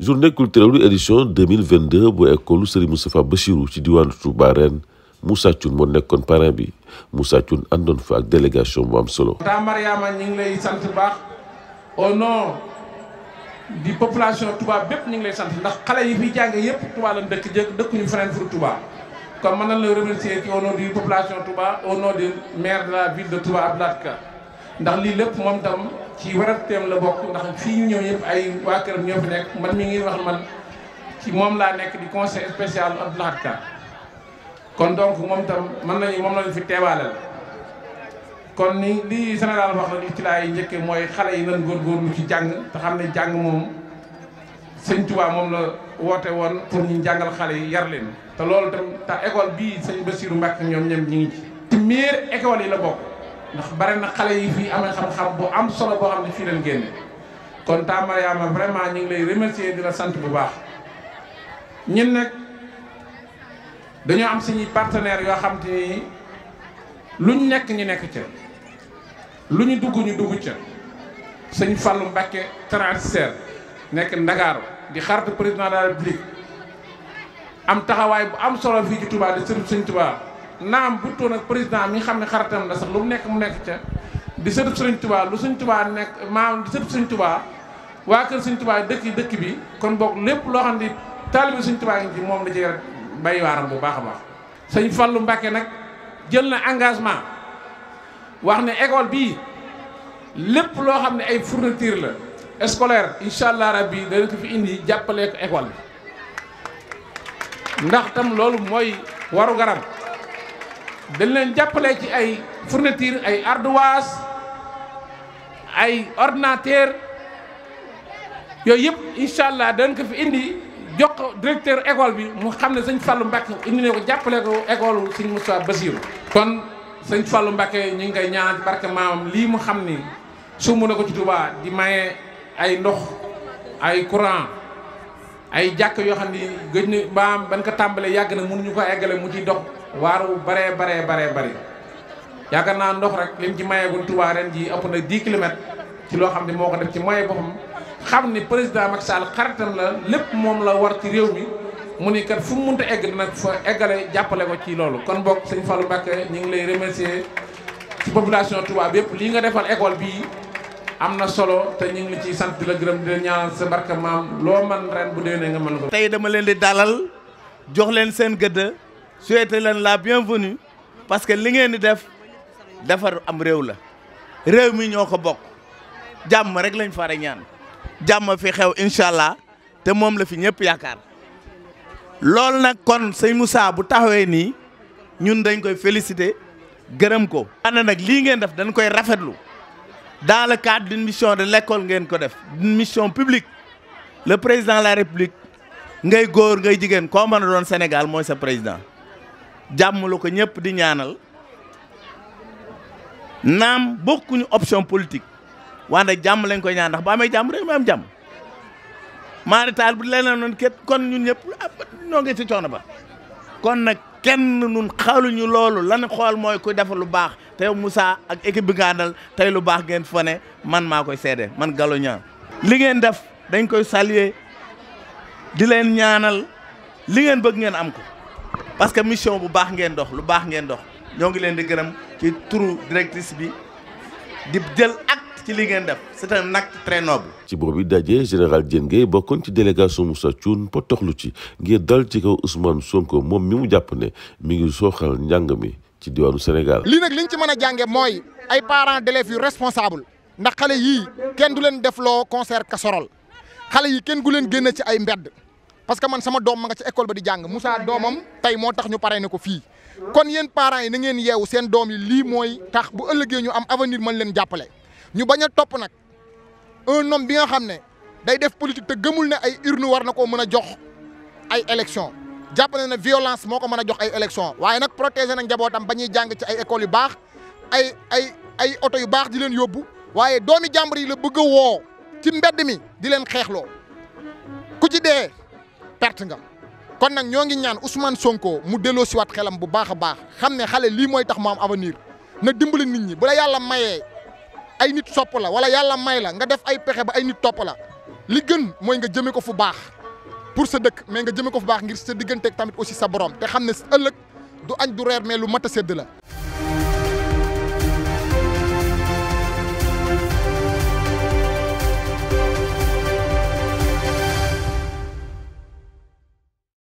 journée culturelle édition 2022 bu école Serigne Moustapha Bachirou ci diwaanu Touba ren Moussa Thioune moo nekkoon parrain bi Moussa Thioune àndoon fa ak délégation bu am solo. ta Mariama ñu ngi lay sant baax au nom di population Touba bépp ñu ngi lay sant ndax xale yi fi jàng yëpp Touba lañ dëkk jëkk dëkkuñu feneen furu Touba kon mën nañ la remercier ci au nom du population Touba au maire de la ville de Touba Abdou Lahad ndax lii lépp moom tam. ci teem la bokk ndax fii ñu ñëw yëpp ay waa këram ñoo fi nekk man mi ngi wax man ci moom laa nekk di conseil spécial Abdou Lahad Ka kon donc moom tam mën nañu moom lañu fi teewaaleel kon nii li général wax na li ci laay njëkkee mooy xale yi nan mu ci jàng te xam ne jàng moom sëñ Tuubaa moom la woote woon pour ñu jàngal xale yi yar leen te loolu tam tax école bii sëñ Bassirou Mbacke ñoom ñoom ñu ngi ci. ci miir école yi la bokk. ndax bare na xale yi fii amee xam-xam bu am solo boo xam ne fii leen génne kon taa Mariama vraiment ñu ngi lay remercier di la sant bu baax ñun nag dañoo am suñuy partenaires yoo xam te ni luñ nekk ñu nekk ca lu ñu dugg ñu dugg ca sëñ Fallou Mbacké transitaire nekk Ndakaaru di xaritu président de la am taxawaay bu am solo fii ci Touba di sëriñ sëñ Touba naam burtoon ak président mi xam ne xaritam la sax lu mu nekk mu nekk ca di sëtub sëriñ Tuubaa lu sëriñ Tuubaa nekk maam di sëtub sëriñ Tuubaa waa kër sëriñ Tuubaa dëkk yi dëkk bi kon boog lépp loo xam ne taalibi sëriñ Tuubaa ngi ci moom la ci bay waaram bu baax a baax sëñ Fallou Mbacké nag jël na engagement wax ne école bii lépp loo xam ne ay fourniture la scolaire incha allah rabbi dana ko fi indi jàppale ko école bi ndax tam loolu mooy waru garam dañ leen jàppale ci ay fourniture ay ardoise ay ordinateur yooyu yëpp incha allah dañ ko fi indi jox directeur école bi mu xam ne sëñ Fallou Mbacké indi ne ko jàppale ko école sëñ Moussa Bassirou kon sëñ Fallou Mbacké ñu ngi koy ñaanal ci barke maamam lii mu xam ni sumb na ko ci Touba di maye ay ndox ay courant ay jàkk yoo xam ni gëj na maam ban ko tàmbalee yàgg na mënuñu ko eggale mu ciy dox Waru bare bare bare bare ya yaakaar naa ndox rek lim ci gun Touba ren ji ëpp na 10 km ci lo xamni moko def ci moyen bopam xamni ni Macky Sall xartam la lepp mom la war ci rew mi mu ni kat fu mu mënta egg nak fa eggale jappalé ko ci lolu kon bok seigne Fallou bakay ñu ngi lay remercier ci population Touba bi li nga defal école bi amna solo te ñu ngi ciy sant la gërëm di ñaan sa barka maam man ren bu deene nga man ko. tay dama leen di dalal jox leen seen gëdd. souhaité leen la bienvenue parce que li ngeen di def defar am réew la réew mi ñoo ko bokk jàmm rek lañ fara ñaan jàmm fi xew incha allah te moom la fi ñëpp yaakaar loolu nag kon sëñ Moussa bu taxawee nii ñun dañ koy féliciter gërëm ko. ana nag lii ngeen def dañ koy rafetlu dans le cadre d'une mission de l'école ngeen ko def mission publique le président de la république ngay góor ngay jigéen koo mën a doon Sénégal mooy sa président. jàmm la ko ñëpp di ñaanal naam bokkuñu option politique wante jàmm lañ ko ñaan baa bu amee jàmm rek ma am jàmm maari taal bu leneen noonu ket kon ñun ñëpp ah, ñoo ngi ci coono ba kon nag kenn nun xaaluñu loolu lan xool mooy ko defar lu baax te yow Moussa ak équipe bi nga tey lu baax ngeen fone man maa koy seede man Gallo Niang li ngeen def dañ koy saluer di leen ñaanal li ngeen bëgg ngeen am ko parce que mission bu baax ngeen dox lu baax ngeen dox ñoo ngi leen di gërëm ci turu directrice bi di jël acte ci li ngeen def c'est un acte très noble. ci boobu daje général jén Gaye bokkoon ci délégation Moussa Thioune potoxlu ci ngir dal ci kaw Ousmane Sonko moom mi mu jàpp ne mi ngi sooxal njàng mi ci diwaanu Sénégal. lii nag liñ ci mën a jànge mooy ay parent d'élèves yu responsable ndax xale yii kenn du leen def loo concert casserole xale yi kenn du leen génne ci ay mbedd. parce que man sama doom ma nga ca école ba di jàng Moussa doomam tey moo tax ñu paree ne ko fii kon yéen parents yi na ngeen yeewu seen doom yi lii mooy tax bu ëllëgee ñu am avenir man leen jàppale ñu bañ a topp nag un homme bi nga xam ne day def politique te gëmul ne ay urne war na koo mën a jox ay élection jàpp na ne violence moo ko mën a jox ay élection waaye nag protéger na njabootam ba ñuy jàng ci ay écoles yu baax ay ay ay oto yu baax di leen yóbbu waaye doomi jàmbur yi la bëgg a woo ci mbedd mi di leen xeexloo ku ci dee perte nga kon nag ñoo ngi ñaan Ousmane Sonko mu delloo si waat xelam bu baax a baax xam ne xale lii mooy tax mu am avenir na dimbali nit ñi bu la yàlla mayee ay nit sopp la wala yàlla may la nga def ay pexe ba ay nit topp la li gën mooy nga jëme ko fu baax pour sa dëkk mais nga jëme ko fu baax ngir sa digganteeg tamit aussi sa borom te xam ne ëllëg du añ du reer mais lu mat a sedd la